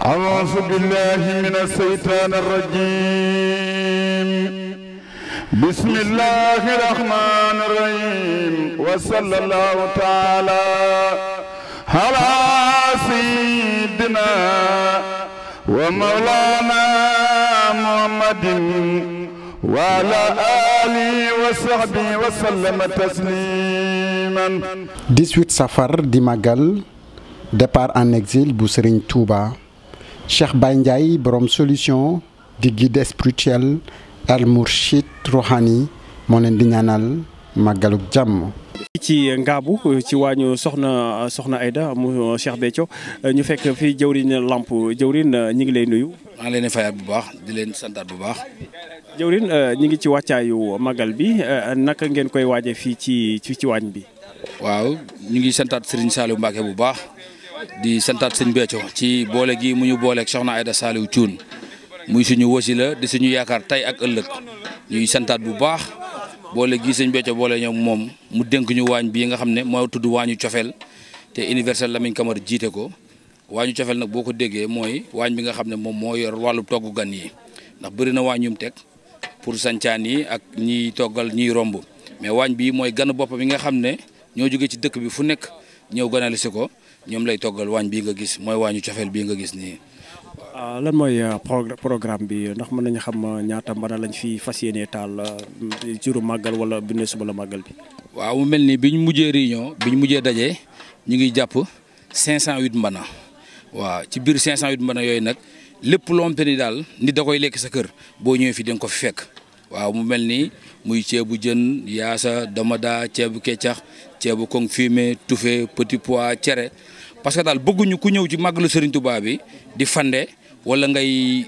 أعوذ بالله من الشيطان الرجيم بسم الله الرحمن الرحيم وصلى الله تعالى على سيدنا ومولانا محمد وعلى آله وصحبه وسلم تسليما 18 safar di magal départ en exil bu Serigne Touba Cheikh Baye Ndiaye boroom solution di guide spirituel al Mourchid Rouhani moo leen di ñaanal màggalug jàmm. ci ngaabu ci waañu soxna soxna Aida mu Cheikh Béthio ñu fekk fii jëwriñ Lamp jëwriñ ñi ngi lay nuyu. maa ngi leen di bu baax di leen santaat bu baax. jëwriñ ñi ngi ci wàccaayu magal bi naka ngeen koy waajee fii ci ci waañ bi. waaw ñu ngi santaat Serigne Saliou Mbacke bu baax. di santaat sëñ Béthio ci boole gi mu ñu booleeg Soxna Aida Saliou Thioune muy suñu wasila di suñu yaakaar tey ak ëllëg ñuy santaat bu baax boole gi sëñ Béthio boole ñoom moom mu dénk ñu waañ bii nga xam ne moo tudd waañu cofeel te universel Lamine Camara jiite ko waañu cofeel nag boo ko déggee mooy waañ bi nga xam ne moom moo yor wàllu togg gan yi ndax bëri na waañ yum teg pour sancaan yi ak ñiy toggal ñiy romb mais waañ bii mooy gan boppam yi nga xam ne ñoo jógee ci dëkk bi fu nekk ñëw ganale ko ñoom lay toggal waañ bii nga gis mooy waañu cofeel bii nga gis nii. Ah, lan mooy euh, programme bi ndax mën nañu xam euh, ñaata mbana lañ fi fas yéenee taal euh, juru màggal wala bu ne suba la màggal bi. waaw mu mel nii bi ñu mujjee réunion bi ñu mujjee daje ñu ngi jàpp 508 mbana waaw ci biir 508 mbana yooyu nag lépp lompe ni daal nit da koy lekk sa kër boo ñëwee fi da nga ko fi fekk. waaw mu mel ni muy ceebu jën yaasa domada ceebu keccax ceebu kong fumier tufe petit pois cere parce que daal bëgguñu ku ñëw ci màggalu Serigne Touba bi di fande wala ngay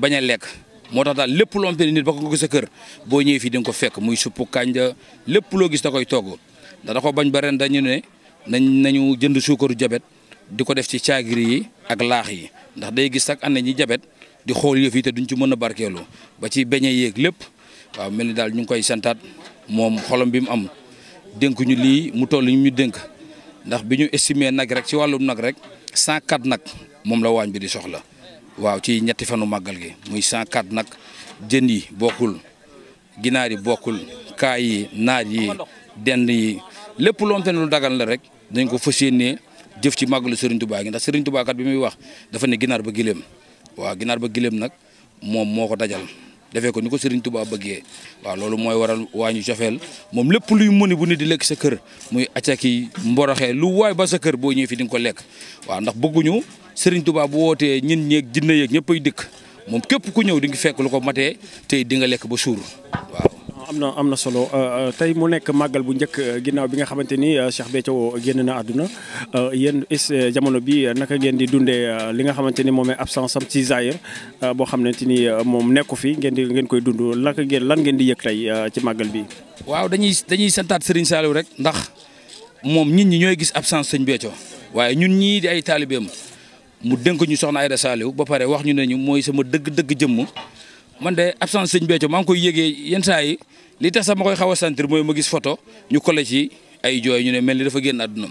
bañ a lekk moo tax daal lépp loo xamante ni nit ba ko gis sa kër boo ñëwee fii di ko fekk muy suppu kànja lépp loo gis da koy togg ndax da ko bañ ba ren dañu ne nañ nañu jënd suukaru jabet di ko def ci caagiri yi ak laax yi ndax day gis sax année ñi jabet di xool yëf yi te duñ ci mën a barkeelu ba ci beñe yéeg lépp waaw mel ni daal ñu ngi koy santaat moom xolam bi mu am dénk ñu lii mu toll ñu dénk ndax bi ñu estimé nag rek ci wàllum nag rek 104 nag moom la waañ bi di soxla waaw ci ñetti fanu màggal gi muy 104 nag jën yi bokkul ginaar yi bokkul kaay yi naaj yi dend yi lépp loo xamante ne lu dagan la rek dañ ko fas yéenee jëf ci màggalu Serigne Touba gi ndax Serigne Touba bi muy wax dafa ne ginaar ba gileem. waaw ginaar ba giléem nag moom moo ko dajal defee ko ni ko Serigne Touba bëggee waaw loolu mooy waral waañu jofeel moom lépp luy mëni bu nit di lekk sa kër muy ki mboroxee lu waay ba sa kër boo ñëwee fi di nga ko lekk waa ndax bëgguñu sëriñ Touba bu wootee ñin ñeeg jinne yeeg ñëpp ay dëkk moom képp ku ñëw di nga fekk lu ko matee tey di nga lekk ba suur waaw am na am na solo euh, euh, tey mu nekk màggal bu njëkk euh, ginnaaw bi nga xamante ni Cheikh Béthio génn na àdduna yéen is jamono bi naka ngeen di dundee li nga xamante ni moom absence am ci Zaire boo xam ne ni moom nekku fi ngeen di ngeen koy dund naka ngeen lan ngeen di yëg tey ci màggal bi. waaw dañuy dañuy santaat Serigne Saliou rek ndax moom nit ñi ñooy gis absence sëñ Béthio waaye ñun ñii di ay taalibeem mu dénk ñu soxna Aïda Saliou ba pare wax ñu ne ñu mooy sama dëgg-dëgg jëmm. man de absence sëñ Béthio maa ngi koy yëgee yenn saa li tax sax ma koy xaw a sentir mooy ma gis photo ñu collé ci ay jooy ñu ne mel ni dafa génn àdduna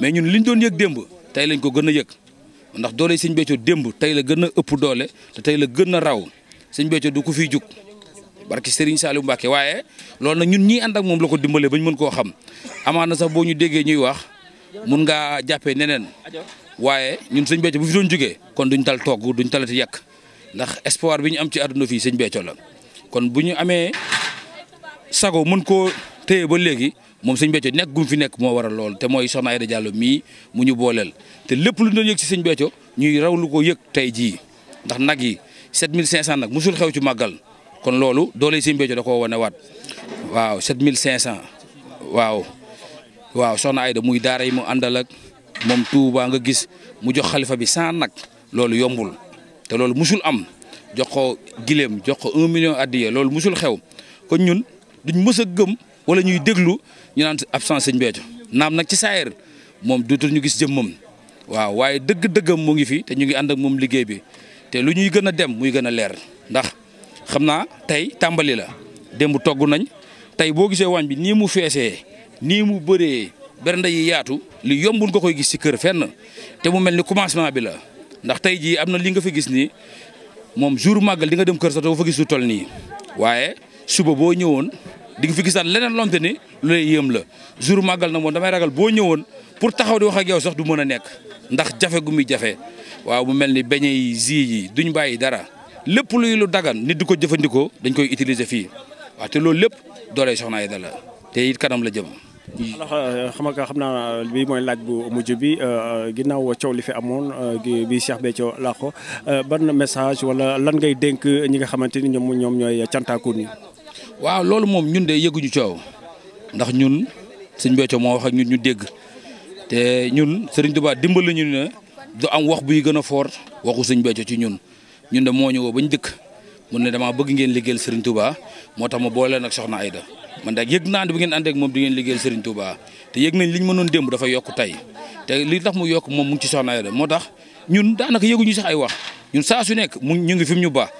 mais ñun ñu doon yëg démb tey lañ ko gën a yëg ndax doole sëñ Béthio démb tey la gën a ëpp doole te tey la gën a raw sëñ Béthio du ko fiy jug barki Serigne Saliou Mbacke waaye loolu nag ñun ñii ànd ak moom la ko dimbalee ba ñu mën koo xam amaana sax boo ñu déggee ñuy wax mun ngaa jàppee neneen waaye ñun sëñ Béthio bu fi jugee kon duñ tal togg duñ talati yàq ndax espoir bi ñu am ci àdduna fii sëñ Béthio la kon bu ñu amee sago mën koo téye ba léegi moom sëñ Béthio nekk gum fi nekk moo waral lool te mooy Soxna Aïda Diallo mii mu ñu booleel te lépp lu ñu doon yëg si sëñ Béthio ñuy raw ko yëg tey jii ndax nag yi set 7500 nag musul xew ci màggal kon loolu doole sëñ Béthio da koo wane waat waaw set 7500 waaw waaw Soxna Aïda muy daara yi mu àndal ak moom baa nga gis mu jox xalifa bi 100 nag loolu yombul. te loolu musul am jox ko gileem jox ko un million addiya loolu musul xew kon ñun duñ mës a gëm wala ñuy déglu ñu naan absence sëñ Béthio naam nag ci saayir moom dootul ñu gis jëmmam waaw waaye dëgg-dëggam mu ngi fi te ñu ngi ànd ak moom liggéey bi te lu ñuy gën a dem muy gën a leer ndax xam naa tey tàmbali la démb togg nañ tey boo gisee waañ bi nii mu feesee nii mu bëree bernde yi yaatu li yombul nga koy gis ci kër fenn te mu mel ni commencement bi ndax tey jii am na li nga fa gis nii moom jour màggal di nga dem kër sa doo fa gis lu toll nii waaye suba boo ñëwoon di nga fi gisaat leneen lonte ni lu lay yéem la jour màggal na moom damay ragal boo ñëwoon pour taxaw di wax ak yow sax du mën a nekk ndax jafe gu jafe waaw mu mel ni beñe yi zi yi duñ bàyyi dara lépp luy lu dagan nit du ko jëfandikoo dañ koy utiliser fii waaw loolu lépp dooley soxna Aida la te it kanam la jëm. alors euh, xam xam naa euh, bi mooy laaj bu mujj bi euh, ginnaaw coow li fi amoon bi Cheikh Béthio làqo ban message wala lan ngay dénk ñi nga xamante ni ñoom ñoom ñooy cantaakun yi. waaw loolu moom ñun de yëguñu coow ndax ñun sëñ Béthio moo wax ak ñun ñu dégg te ñun sëriñ du Touba dimbal ñu ne du am wax buy gën a foor waxu suñ Béthio ci ñun ñun de moo ñëwoo bañ dëkk. mun ne damaa bëgg ngeen liggéeyal Serigne Touba moo tax ma boole nag soxna Aida man daal yëg naa ne bu ngeen ànd ak moom di ngeen liggéeyal Serigne Touba te yëg nañ li ñu mënoon démb dafa yokk tey te li tax mu yokk moom mu ngi ci soxna Aida moo tax ñun daanaka yëguñu sax ay wax ñun saa su nekk mu ñu ngi fi mu ñu ba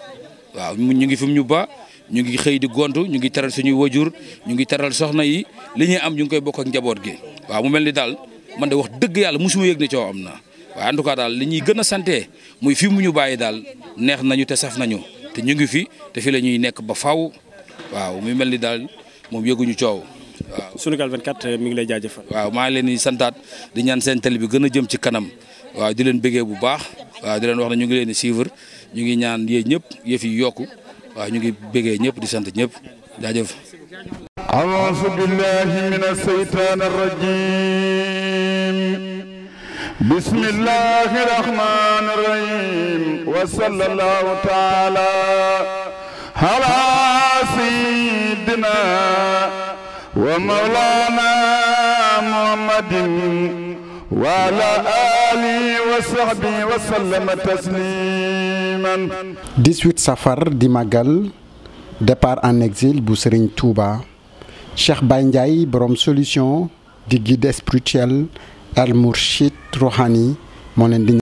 waaw ñu ngi fi mu ñu ba ñu ngi xëy di gont ñu ngi teral suñuy wajur ñu ngi teral soxna yi li ñuy am ñu ngi koy bokk ak njaboot gi waaw mu mel ni daal man de wax dëgg yàlla musuma yëg ne coow am na waaw en tout cas daal li gën a sante muy fi mu ñu bàyyi daal neex nañu te saf nañu te ñu ngi fi te fi la ñuy nekk ba faw waaw muy mel ni daal moom yëguñu coow. waaw Sunugal 24 eh, mi ngi la jaajëfal. waaw maa ngi leen santaat di ñaan seen télé bi gën a jëm ci kanam waaw di leen bëggee bu baax waaw di leen wax ne ñu ngi leen di ñu ngi ñaan yéen ñëpp yëf fi yokku waaw ñu ngi bëggee ñëpp di sant ñëpp jaajëf. بسم الله الرحمن الرحيم وصلى الله تعالى على سيدنا ومولانا محمد وعلى آله وصحبه وسلم تسليما 18 safar di màggal départ en exil bu Serigne Touba Cheikh Baye Ndiaye borom solution di guide spirituel al murshid ruhani moo leen di